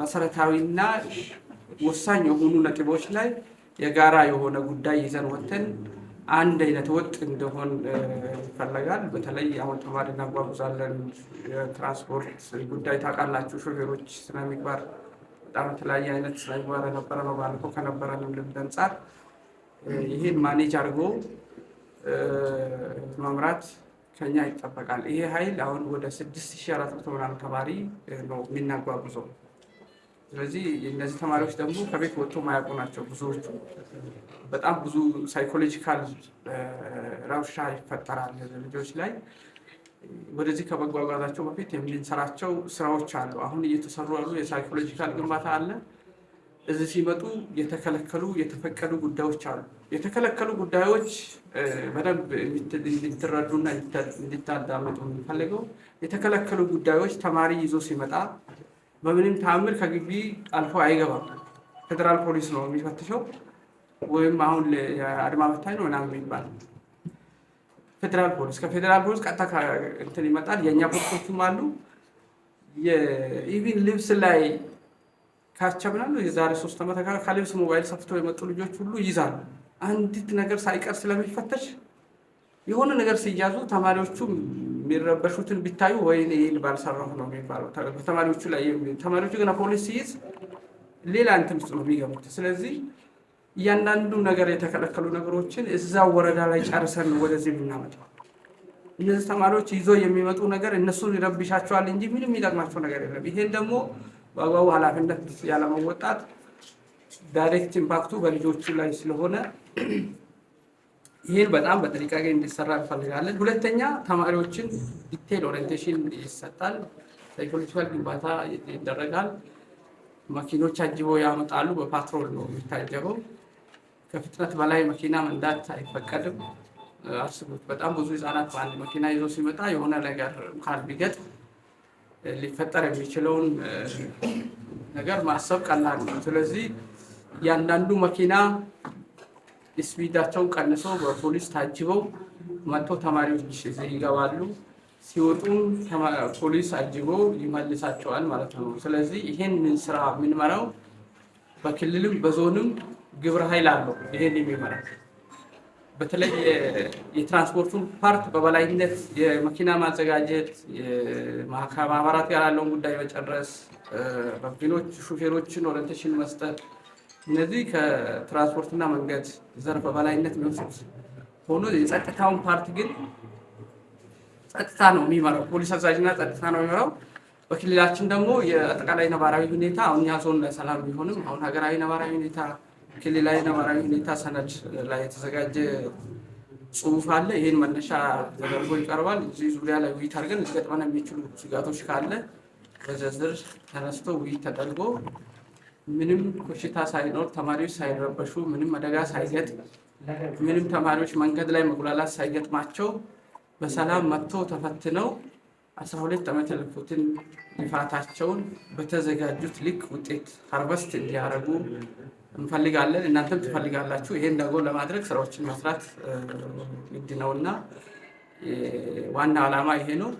መሰረታዊና ወሳኝ የሆኑ ነጥቦች ላይ የጋራ የሆነ ጉዳይ ይዘን ወተን አንድ አይነት ወጥ እንደሆን ይፈለጋል። በተለይ አሁን ተማሪ እናጓጉዛለን፣ የትራንስፖርት ጉዳይ ታውቃላችሁ። ሾፌሮች ስነ ምግባር በጣም የተለያየ አይነት ስነ ምግባር የነበረ ነው። ባለፈው ከነበረን ልምድ አንጻር ይህን ማኔጅ አድርጎ መምራት ከኛ ይጠበቃል። ይሄ ኃይል አሁን ወደ ስድስት ሺህ አራት መቶ ምናምን ተማሪ ነው የሚናጓጉዘው። ስለዚህ እነዚህ ተማሪዎች ደግሞ ከቤት ወጥቶ ማያውቁ ናቸው ብዙዎቹ። በጣም ብዙ ሳይኮሎጂካል ረብሻ ይፈጠራል ልጆች ላይ። ወደዚህ ከመጓጓዛቸው በፊት የምንሰራቸው ስራዎች አሉ። አሁን እየተሰሩ ያሉ የሳይኮሎጂካል ግንባታ አለ። እዚህ ሲመጡ የተከለከሉ የተፈቀዱ ጉዳዮች አሉ። የተከለከሉ ጉዳዮች በደንብ እንዲትረዱና እንዲታዳመጡ የምንፈልገው የተከለከሉ ጉዳዮች ተማሪ ይዞ ሲመጣ በምንም ተአምር ከግቢ አልፎ አይገባም። ፌደራል ፖሊስ ነው የሚፈትሸው፣ ወይም አሁን አድማ በታኝ ነው ምናምን የሚባል ፌደራል ፖሊስ። ከፌደራል ፖሊስ ቀጥታ እንትን ይመጣል። የእኛ ፖሊሶችም አሉ። ኢቪን ልብስ ላይ ካቸብናሉ የዛሬ ሶስት ዓመት ከልብስ ሞባይል ሰፍቶ የመጡ ልጆች ሁሉ ይይዛሉ። አንዲት ነገር ሳይቀር ስለሚፈተሽ የሆነ ነገር ሲያዙ ተማሪዎቹም የሚረበሹትን ቢታዩ ወይ ይል ባልሰራሁ ነው የሚባለው ተማሪዎቹ ላይ። ተማሪዎቹ ግን ፖሊስ ሲይዝ ሌላ እንትን ውስጥ ነው የሚገቡት። ስለዚህ እያንዳንዱ ነገር የተከለከሉ ነገሮችን እዛ ወረዳ ላይ ጨርሰን ወደዚህ የምናመጣው እነዚህ ተማሪዎች ይዞ የሚመጡ ነገር እነሱን ይረብሻቸዋል እንጂ ምንም የሚጠቅማቸው ነገር የለም። ይሄን ደግሞ በአግባቡ ኃላፊነት ያለመወጣት ዳይሬክት ኢምፓክቱ በልጆቹ ላይ ስለሆነ ይህን በጣም በጥንቃቄ እንዲሰራ እንፈልጋለን። ሁለተኛ ተማሪዎችን ዲቴል ኦሪንቴሽን ይሰጣል። ሳይኮሎጂካል ግንባታ ይደረጋል። መኪኖች አጅበው ያመጣሉ። በፓትሮል ነው የሚታጀበው። ከፍጥነት በላይ መኪና መንዳት አይፈቀድም። አስቡት፣ በጣም ብዙ ህጻናት በአንድ መኪና ይዞ ሲመጣ የሆነ ነገር ካል ቢገጥ ሊፈጠር የሚችለውን ነገር ማሰብ ቀላል ነው። ስለዚህ እያንዳንዱ መኪና ስፒዳቸው ቀንሶ በፖሊስ ታጅበው መጥቶ ተማሪዎች እዚህ ይገባሉ። ሲወጡም ፖሊስ አጅቦ ይመልሳቸዋል ማለት ነው። ስለዚህ ይሄን ምን ስራ የምንመራው በክልልም በዞንም ግብረ ኃይል አለው ይሄን የሚመራ በተለይ የትራንስፖርቱን ፓርት በበላይነት የመኪና ማዘጋጀት፣ ከማህበራት ጋር ያለውን ጉዳይ መጨረስ፣ በፊኖች ሹፌሮችን ኦሪንቴሽን መስጠት እነዚህ ከትራንስፖርትና መንገድ ዘርፍ በላይነት የሚወስድ ሆኖ የጸጥታውን ፓርቲ ግን ጸጥታ ነው የሚመራው፣ ፖሊስ አዛዥና ጸጥታ ነው የሚመራው። በክልላችን ደግሞ የአጠቃላይ ነባራዊ ሁኔታ አሁን እኛ ዞን ላይ ሰላም ቢሆንም አሁን ሀገራዊ ነባራዊ ሁኔታ፣ ክልላዊ ነባራዊ ሁኔታ ሰነድ ላይ የተዘጋጀ ጽሁፍ አለ። ይህን መነሻ ተደርጎ ይቀርባል። እዚህ ዙሪያ ላይ ውይይት አድርገን ሊገጥመን የሚችሉ ስጋቶች ካለ በዝርዝር ተነስቶ ውይይት ተደርጎ ምንም ኮሽታ ሳይኖር ተማሪዎች ሳይረበሹ ምንም አደጋ ሳይገጥም ምንም ተማሪዎች መንገድ ላይ መጉላላት ሳይገጥማቸው በሰላም መጥቶ ተፈትነው አስራ ሁለት ዓመት የለፉትን ልፋታቸውን በተዘጋጁት ልክ ውጤት ሀርቨስት እንዲያደርጉ እንፈልጋለን። እናንተም ትፈልጋላችሁ። ይሄን ደግሞ ለማድረግ ስራዎችን መስራት ግድ እና ዋና ዓላማ ይሄ ነው።